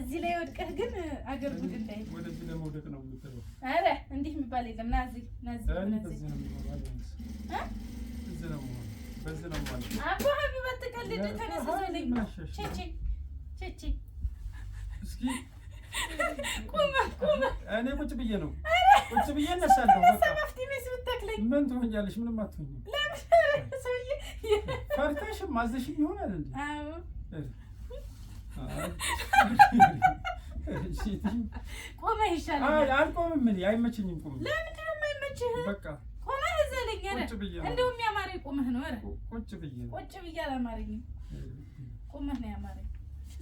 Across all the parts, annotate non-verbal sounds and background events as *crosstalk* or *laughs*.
እዚህ ላይ ወድቀህ ግን አገር ጉድ እንዳይ ወደዚህ ለመውደቅ ነው የምትለው። ኧረ እንዲህ የሚባል የለም። ናዚ ናዚ ናዚ አቦ ሀቢብ አትቀልድ። ተነሳሳለኝ ቼቼ ቼቼ እስኪ ቁመ ቁመ እኔ ቁጭ ብዬ ነው ቁጭ ብዬ እነሳለሁ። ምን ትሆኛለሽ? ምንም አትሆኝም። ፈርተሽም አዘሽኝ ይሆናል እንዴ? ቆመህ ይሻለኛል። አልቆምም። እኔ አይመችኝም። ቁም። ለምንድን ነው የማይመችህ? በቃ ቆመህ ዘለኝ። ኧረ እንደውም ያማረኝ ቁምህ ነው። ኧረ ቁጭ ብዬ ቁጭ ብዬ አላማረኝም። ቁምህ ነው ያማረኝ።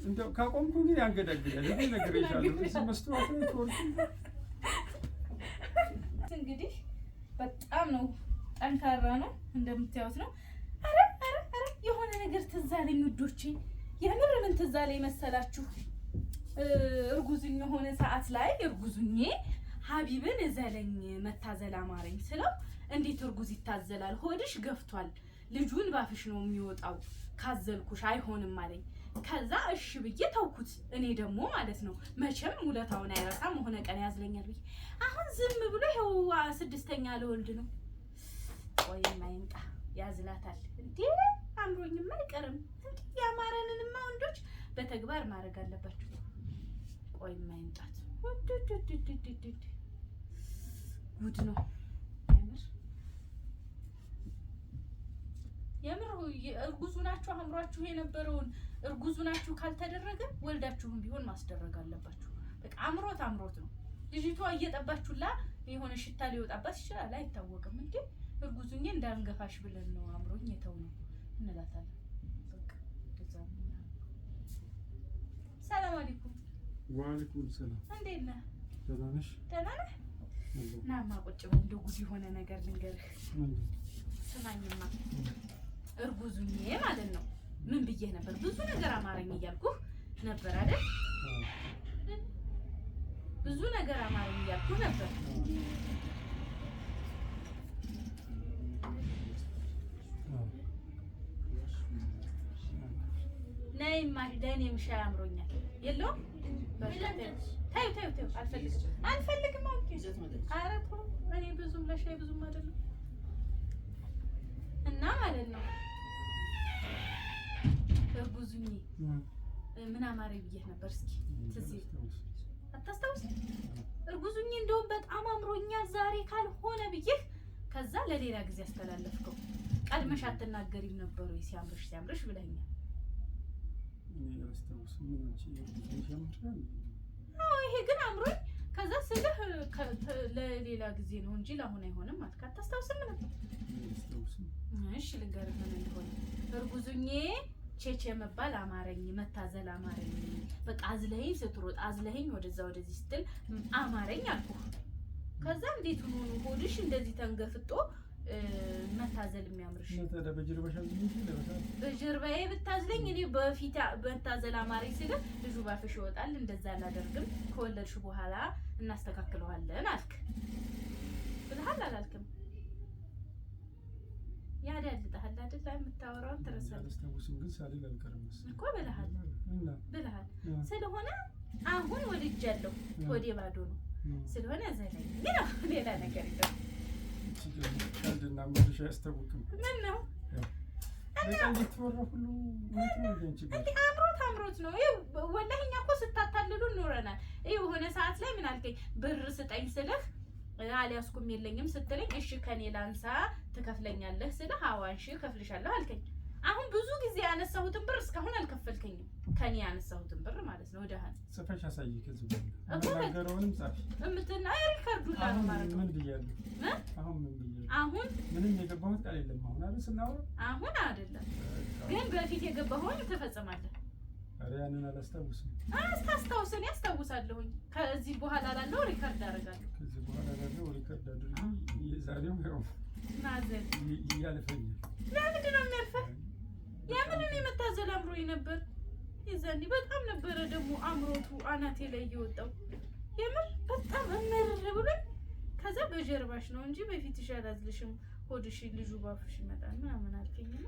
እንደው ከቆምኩ ግን ያንገዳግዳል። እኔ እነግርሻለሁ። እንግዲህ በጣም ነው ጠንካራ ነው እንደምታዩት ነው። ኧረ ኧረ ኧረ የሆነ ነገር ትዝ አለኝ ውዶቼ፣ የምር ምን ትዝ አለኝ መሰላችሁ? እርጉዝኝ የሆነ ሰዓት ላይ እርጉዝኝ ሀቢብን እዘለኝ መታዘል አማረኝ ስለው እንዴት እርጉዝ ይታዘላል? ሆድሽ ገፍቷል፣ ልጁን ባፍሽ ነው የሚወጣው፣ ካዘልኩሽ አይሆንም አለኝ። ከዛ እሺ ብዬ ተውኩት። እኔ ደግሞ ማለት ነው መቼም ውለታውን አይረሳም፣ ሆነ ቀን ያዝለኛል ብዬ አሁን ዝም ብሎ ይኸው ስድስተኛ ለወልድ ነው። ቆይ ይምጣ ያዝላታል። እንዴ አምሮኝማ አይቀርም። ያማረንንማ ወንዶች በተግባር ማድረግ አለባችሁ። ቆይ ማይምጣት ጉድ ነው የምር። እርጉዙ ናችሁ አምሯችሁ የነበረውን እርጉዙ ናችሁ ካልተደረገ ወልዳችሁም ቢሆን ማስደረግ አለባችሁ። በቃ አምሮት አምሮት ነው። ልጅቷ እየጠባችሁላ የሆነ ሽታ ሊወጣባት ይችላል፣ አይታወቅም። እንዴ እርጉዙኝ እንዳንገፋሽ ብለን ነው አምሮኝ የተው ነው እንላታለን። ዋአለይኩም ሰላም። እንዴት ነህ? ደህና ነሽ? ደህና ነህ? ናማ ቁጭ በል። እንደው ጉድ የሆነ ነገር ልንገርህ። ስማኝማ እርጉዙኝ ማለት ነው። ምን ብዬ ነበር? ብዙ ነገር አማረኝ እያልኩህ ነበር አይደል? ብዙ ነገር አማረኝ እያልኩህ ነበር። ነይማ ሂደህ እኔም ሻይ አምሮኛል የለውም አልፈልግም። ኧረ ተው እኔ ብዙም ለሻይ ብዙም አይደለም እና ማለት ነው በብዙኝ ምን አማረኝ ብዬ ነበር። እስኪ ትዝ ይልኝ እርጉዙኝ እንደውም በጣም አምሮኛል ዛሬ ካልሆነ ብዬ ከዛ ለሌላ ጊዜ አስተላለፍከው። ቀድመሽ አትናገሪም ነበር ወይ ሲያምርሽ ሲያምርሽ ብለኛል። ይሄ ግን አምሮኝ ከዛ ስልህ ለሌላ ጊዜ ነው እንጂ ለአሁን አይሆንም አልክ። አታስታውስም? ምንም እሺ፣ ልንገርህ ምን እንደሆነ እርጉዙኜ ቼቼ መባል አማረኝ፣ መታዘል አማረኝ። በቃ አዝለኸኝ ስትሮጥ አዝለኸኝ ወደዛ ወደዚህ ስትል አማረኝ አልኩህ። ከዛ እንዴት ሆኖ ሆድሽ እንደዚህ ተንገፍጦ መታዘል የሚያምርሽ በጀርባዬ ብታዝለኝ እኔ በፊት መታዘል አማሪ ሲል ልጁ ባፍሽ ይወጣል። እንደዛ አላደርግም። ከወለድሽ በኋላ እናስተካክለዋለን አልክ ብለሃል አላልክም? ያዳልጥሃል አይደል? የምታወራውን ትረሳለህ እኮ ብለሃል ብለሃል። ስለሆነ አሁን ወልጃለሁ፣ ወዴ ባዶ ነው ስለሆነ ዘላይ ነው ሌላ ነገር ቀልድና አያስታውቅም። ምነው ሁሉ አምሮት አምሮት ነው። ወላሂ እኛ እኮ ኖረናል። የሆነ ሰዓት ላይ ምን አልከኝ? ብር ስጠኝ ስልህ አልያዝኩም የለኝም ስትለኝ፣ እሺ ከኔ ላንሳ ትከፍለኛለህ ስልህ አዎ እከፍልሻለሁ አልከኝ። ከኔ ያነሳሁትን ብር ማለት ነው። ደህን ጽፈሽ አሳይ። ከዚህ ነገረውንም ጻፊ እምትና ሪከርዱ ላሉ ማለት ነው። ምን ብያለሁ? አሁን ምን ብያለሁ? አሁን ምንም የገባሁት ቃል የለም። አሁን አለ ስናወራ አሁን አይደለም ግን በፊት የገባሁን ትፈጽማለህ። ኧረ ያንን አላስታውስም። አስታስታውስ፣ እኔ አስታውሳለሁኝ። ከዚህ በኋላ ላለው ሪከርድ አደርጋለሁ። ከዚህ በኋላ ላለው ሪከርድ አድርጊ። የዛሬው ያው ማዘን እያልፈኛል። ለምንድን ነው የሚያልፈህ? የምንን የመታዘል አምሮኝ ነበር የዛኔ በጣም ነበረ ደግሞ አምሮቱ አናቴ ላይ እየወጣው የምር በጣም እምር ብሎኝ፣ ከዛ በጀርባሽ ነው እንጂ በፊት ይሻላልሽም ሆድሽ ልጁ ባፍሽ ይመጣል ምናምን አልከኝ እና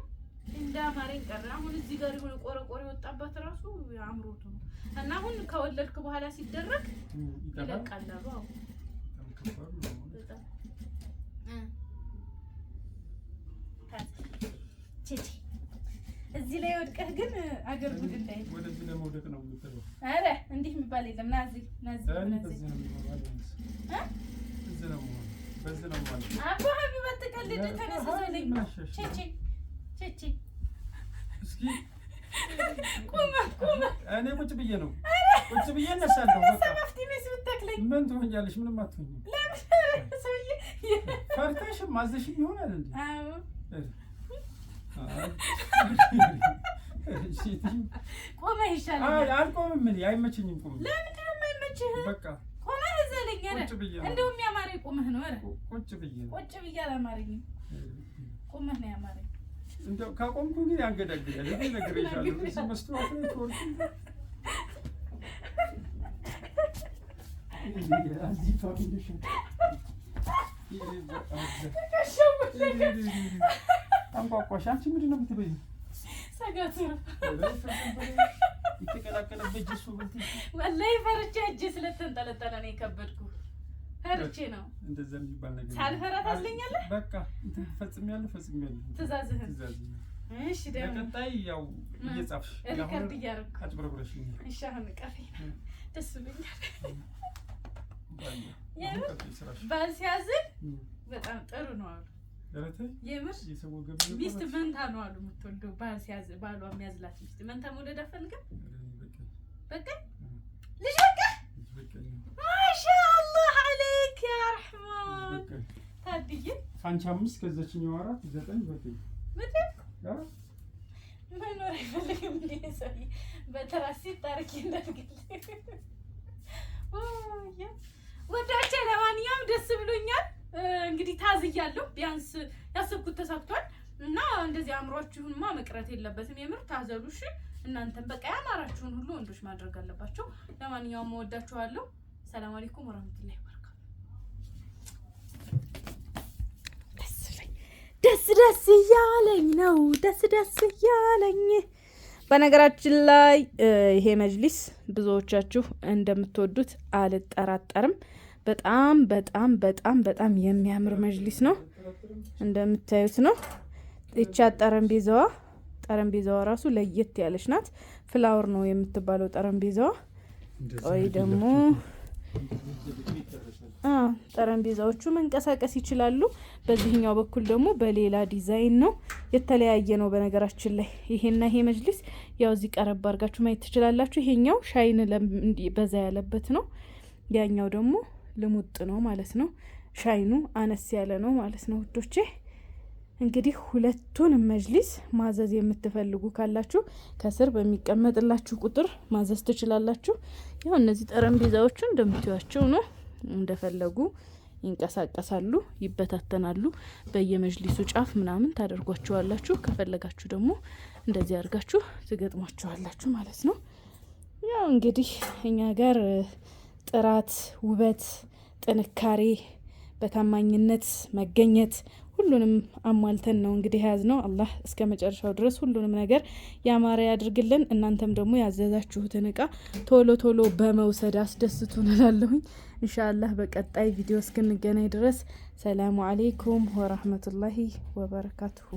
እንደ አማረኝ ቀረ። አሁን እዚህ ጋር የሆነ ቆረቆር የወጣባት ራሱ አምሮቱ ነው እና አሁን ከወለድክ በኋላ ሲደረግ ይለቃላሉ። አሉ። አሁን እዚህ ላይ ወድቀህ ግን አገር ጉድ እንዳይ ወደዚህ ለመውደቅ ነው የምትለው። ኧረ እንዲህ የሚባል የለም። ና እዚህ ና እዚህ እኔ ቁጭ ብዬ ነው ቁጭ ብዬ እነሳለሁ። ምን ትሆኛለሽ? ምንም አትሆኝም። ፈርተሽም አዘሽኝ ይሆናል እንዴ? *laughs* ቆመህ ይሻለኛል። አልቆምም። እኔ አይመችኝም። ቁም። ለምንድን ነው የማይመችህ? በቃ ቆመህ ዘለኝ። ኧረ እንደውም ያማረኝ ቁምህ ነው። ኧረ ቁጭ ብዬ ቁጭ ብዬ አላማረኝም። ቁምህ ነው ያማረኝ። እንደው ከቆምኩ ግን ያንገዳግዳል። እኔ እነግርሻለሁ። እዚህ መስታወት ነው ተወርኩ አዚህ አንቋቋሽ አንቺ ምንድን ነው የምትበይ? ሰጋቱ የተቀላቀለበት እሱ ወላሂ ፈርቼ እጄ ስለተንጠለጠለ ነው የከበድኩ። ፈርቼ ነው እንደዛ የሚባል ነገር ሳልፈራ በቃ ፈጽሜያለሁ፣ ፈጽሜያለሁ ትእዛዝህን። ያው እየጻፍሽ ሪከርድ እያደረኩ ደስ ብኛል። ባል ሲያዝን በጣም ጥሩ ነው አሉ የምር ሚስት መንታ ነው አሉ የምትወልደው ባሏ የሚያዝላት ሚስት መንታ መውለድ አፈልግም። በቃ ልጅ በቃ ማሻአላህ አለይክ ያ ረሕማን ታድዬ ከአንቺ አምስት ከዘችኛው አራት ዘጠኝ በቃኝ መኖር አይፈልግም። በተራ ሴት ታሪክ እንዳልግል ለማንኛውም ደስ ብሎኛል። እንግዲህ ታዝያለሁ። ቢያንስ ያሰብኩት ተሳክቷል እና እንደዚህ አእምሯችሁንማ መቅረት የለበትም። የምር ታዘሉሽ። እናንተም በቃ ያማራችሁን ሁሉ ወንዶች ማድረግ አለባቸው። ለማንኛውም እወዳችኋለሁ። ሰላም አለይኩም ወራህመቱላሂ ወበረካቱ። ደስ ደስ እያለኝ ነው። ደስ ደስ እያለኝ በነገራችን ላይ ይሄ መጅሊስ ብዙዎቻችሁ እንደምትወዱት አልጠራጠርም። በጣም በጣም በጣም በጣም የሚያምር መጅሊስ ነው። እንደምታዩት ነው። ይቻ ጠረጴዛዋ ጠረጴዛዋ ራሱ ለየት ያለች ናት። ፍላወር ነው የምትባለው ጠረጴዛዋ። ቆይ ደግሞ ጠረጴዛዎቹ መንቀሳቀስ ይችላሉ። በዚህኛው በኩል ደግሞ በሌላ ዲዛይን ነው፣ የተለያየ ነው። በነገራችን ላይ ይሄና ይሄ መጅሊስ ያው እዚህ ቀረብ አድርጋችሁ ማየት ትችላላችሁ። ይሄኛው ሻይን በዛ ያለበት ነው። ያኛው ደግሞ ልሙጥ ነው ማለት ነው። ሻይኑ አነስ ያለ ነው ማለት ነው ውዶቼ። እንግዲህ ሁለቱን መጅሊስ ማዘዝ የምትፈልጉ ካላችሁ ከስር በሚቀመጥላችሁ ቁጥር ማዘዝ ትችላላችሁ። ያው እነዚህ ጠረጴዛዎቹ እንደምትያቸው ነው። እንደፈለጉ ይንቀሳቀሳሉ፣ ይበታተናሉ። በየመጅሊሱ ጫፍ ምናምን ታደርጓችኋላችሁ። ከፈለጋችሁ ደግሞ እንደዚህ አድርጋችሁ ትገጥሟቸዋላችሁ ማለት ነው። ያው እንግዲህ እኛ ጋር ጥራት፣ ውበት፣ ጥንካሬ፣ በታማኝነት መገኘት ሁሉንም አሟልተን ነው እንግዲህ የያዝነው። አላህ እስከ መጨረሻው ድረስ ሁሉንም ነገር ያማረ ያድርግልን። እናንተም ደግሞ ያዘዛችሁትን እቃ ቶሎ ቶሎ በመውሰድ አስደስቱን እላለሁኝ። ኢንሻአላህ በቀጣይ ቪዲዮ እስክንገናኝ ድረስ ሰላሙ አሌይኩም ወራህመቱላሂ ወበረካቱሁ።